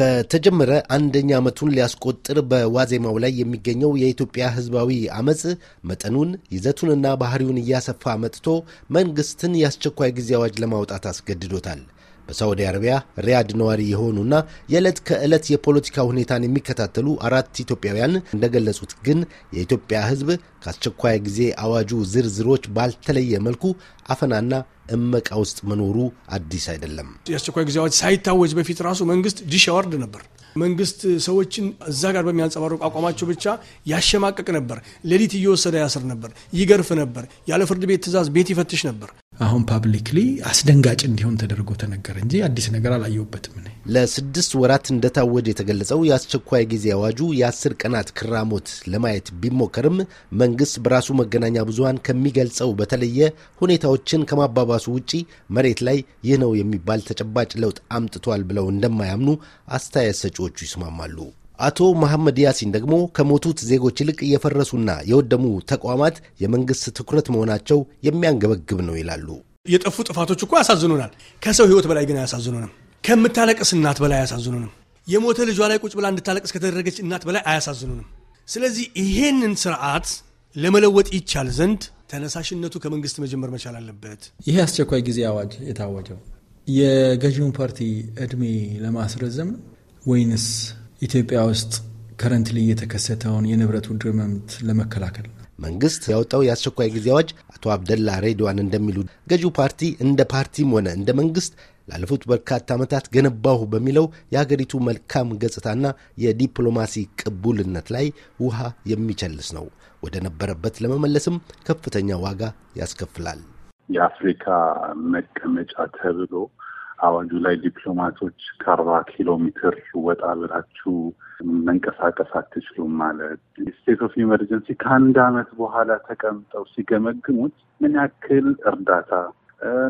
ከተጀመረ አንደኛ ዓመቱን ሊያስቆጥር በዋዜማው ላይ የሚገኘው የኢትዮጵያ ሕዝባዊ አመፅ መጠኑን ይዘቱንና ባህሪውን እያሰፋ መጥቶ መንግስትን የአስቸኳይ ጊዜ አዋጅ ለማውጣት አስገድዶታል። በሳዑዲ አረቢያ ሪያድ ነዋሪ የሆኑና የዕለት ከዕለት የፖለቲካ ሁኔታን የሚከታተሉ አራት ኢትዮጵያውያን እንደገለጹት ግን የኢትዮጵያ ሕዝብ ከአስቸኳይ ጊዜ አዋጁ ዝርዝሮች ባልተለየ መልኩ አፈናና እመቃ ውስጥ መኖሩ አዲስ አይደለም። የአስቸኳይ ጊዜ አዋጅ ሳይታወጅ በፊት ራሱ መንግስት ዲሽ ያወርድ ነበር። መንግስት ሰዎችን እዛ ጋር በሚያንጸባርቁ አቋማቸው ብቻ ያሸማቀቅ ነበር። ሌሊት እየወሰደ ያስር ነበር፣ ይገርፍ ነበር፣ ያለ ፍርድ ቤት ትእዛዝ ቤት ይፈትሽ ነበር። አሁን ፓብሊክሊ አስደንጋጭ እንዲሆን ተደርጎ ተነገረ እንጂ አዲስ ነገር አላየሁበትም። እኔ ለስድስት ወራት እንደታወጀ የተገለጸው የአስቸኳይ ጊዜ አዋጁ የአስር ቀናት ክራሞት ለማየት ቢሞከርም መንግስት በራሱ መገናኛ ብዙሀን ከሚገልጸው በተለየ ሁኔታዎችን ከማባባሱ ውጪ መሬት ላይ ይህ ነው የሚባል ተጨባጭ ለውጥ አምጥቷል ብለው እንደማያምኑ አስተያየት ሰጪዎቹ ይስማማሉ። አቶ መሐመድ ያሲን ደግሞ ከሞቱት ዜጎች ይልቅ የፈረሱና የወደሙ ተቋማት የመንግስት ትኩረት መሆናቸው የሚያንገበግብ ነው ይላሉ። የጠፉ ጥፋቶች እኮ ያሳዝኑናል። ከሰው ህይወት በላይ ግን አያሳዝኑንም። ከምታለቅስ እናት በላይ አያሳዝኑንም። የሞተ ልጇ ላይ ቁጭ ብላ እንድታለቅስ ከተደረገች እናት በላይ አያሳዝኑንም። ስለዚህ ይሄንን ስርዓት ለመለወጥ ይቻል ዘንድ ተነሳሽነቱ ከመንግስት መጀመር መቻል አለበት። ይሄ አስቸኳይ ጊዜ አዋጅ የታወጀው የገዢውን ፓርቲ እድሜ ለማስረዘም ነው ወይንስ ኢትዮጵያ ውስጥ ከረንትሊ የተከሰተውን የንብረት ውድር ለመከላከል መንግስት ያወጣው የአስቸኳይ ጊዜ አዋጅ አቶ አብደላ ሬድዋን እንደሚሉ ገዢው ፓርቲ እንደ ፓርቲም ሆነ እንደ መንግስት ላለፉት በርካታ ዓመታት ገነባሁ በሚለው የሀገሪቱ መልካም ገጽታና የዲፕሎማሲ ቅቡልነት ላይ ውሃ የሚቸልስ ነው። ወደ ነበረበት ለመመለስም ከፍተኛ ዋጋ ያስከፍላል። የአፍሪካ መቀመጫ ተብሎ አዋጁ ላይ ዲፕሎማቶች ከአርባ ኪሎ ሜትር ወጣ ብላችሁ መንቀሳቀስ አትችሉም ማለት ስቴት ኦፍ ኢመርጀንሲ ከአንድ ዓመት በኋላ ተቀምጠው ሲገመግሙት ምን ያክል እርዳታ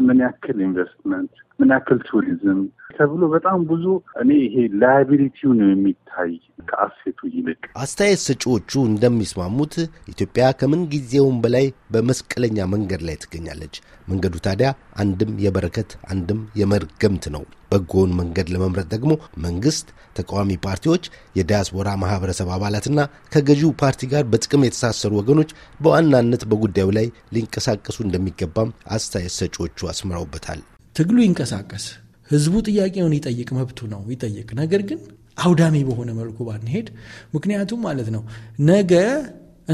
ምን ያክል ኢንቨስትመንት፣ ምን ያክል ቱሪዝም ተብሎ በጣም ብዙ እኔ ይሄ ላያቢሊቲው ነው የሚታይ ከአሴቱ ይልቅ። አስተያየት ሰጪዎቹ እንደሚስማሙት ኢትዮጵያ ከምን ጊዜውም በላይ በመስቀለኛ መንገድ ላይ ትገኛለች። መንገዱ ታዲያ አንድም የበረከት አንድም የመርገምት ነው። በጎውን መንገድ ለመምረጥ ደግሞ መንግስት፣ ተቃዋሚ ፓርቲዎች፣ የዲያስፖራ ማህበረሰብ አባላትና ከገዢው ፓርቲ ጋር በጥቅም የተሳሰሩ ወገኖች በዋናነት በጉዳዩ ላይ ሊንቀሳቀሱ እንደሚገባም አስተያየት ሰጪዎቹ አስምረውበታል። ትግሉ ይንቀሳቀስ፣ ህዝቡ ጥያቄውን ይጠይቅ፣ መብቱ ነው ይጠይቅ። ነገር ግን አውዳሚ በሆነ መልኩ ባንሄድ። ምክንያቱም ማለት ነው ነገ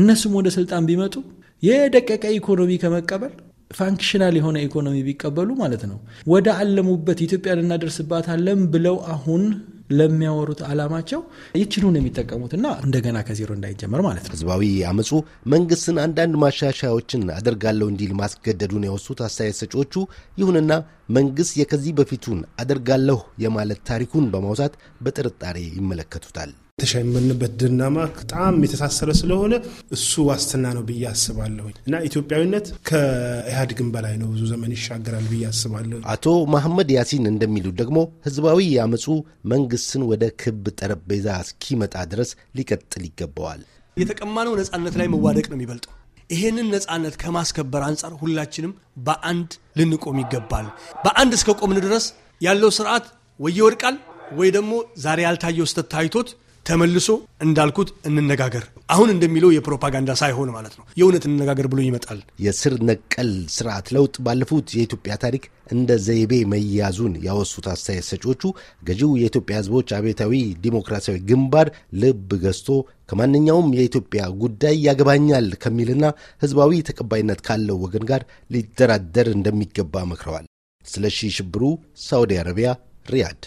እነሱም ወደ ስልጣን ቢመጡ የደቀቀ ኢኮኖሚ ከመቀበል ፋንክሽናል የሆነ ኢኮኖሚ ቢቀበሉ ማለት ነው ወደ አለሙበት ኢትዮጵያን እናደርስባታለን ብለው አሁን ለሚያወሩት አላማቸው ይችኑ ነው የሚጠቀሙት እና እንደገና ከዜሮ እንዳይጀመር ማለት ነው። ህዝባዊ አመፁ መንግስትን አንዳንድ ማሻሻያዎችን አደርጋለሁ እንዲል ማስገደዱን ያወሱት አስተያየት ሰጪዎቹ፣ ይሁንና መንግስት የከዚህ በፊቱን አደርጋለሁ የማለት ታሪኩን በማውሳት በጥርጣሬ ይመለከቱታል። የተሸመንበት ድናማ በጣም የተሳሰረ ስለሆነ እሱ ዋስትና ነው ብዬ አስባለሁ እና ኢትዮጵያዊነት ከኢህአዴግም በላይ ነው ብዙ ዘመን ይሻገራል ብዬ አስባለሁ። አቶ መሐመድ ያሲን እንደሚሉት ደግሞ ህዝባዊ ያመፁ መንግስትን ወደ ክብ ጠረጴዛ እስኪመጣ ድረስ ሊቀጥል ይገባዋል። የተቀማነው ነጻነት ላይ መዋደቅ ነው የሚበልጠው። ይሄንን ነጻነት ከማስከበር አንጻር ሁላችንም በአንድ ልንቆም ይገባል። በአንድ እስከ ቆምን ድረስ ያለው ስርዓት ወይ ይወድቃል ወይ ደግሞ ዛሬ ያልታየው ስህተት ታይቶት ተመልሶ እንዳልኩት እንነጋገር አሁን እንደሚለው የፕሮፓጋንዳ ሳይሆን ማለት ነው የእውነት እንነጋገር ብሎ ይመጣል። የስር ነቀል ስርዓት ለውጥ ባለፉት የኢትዮጵያ ታሪክ እንደ ዘይቤ መያዙን ያወሱት አስተያየት ሰጪዎቹ ገዢው የኢትዮጵያ ሕዝቦች አብዮታዊ ዲሞክራሲያዊ ግንባር ልብ ገዝቶ ከማንኛውም የኢትዮጵያ ጉዳይ ያገባኛል ከሚልና ሕዝባዊ ተቀባይነት ካለው ወገን ጋር ሊደራደር እንደሚገባ መክረዋል። ስለሺ ሽብሩ፣ ሳውዲ አረቢያ ሪያድ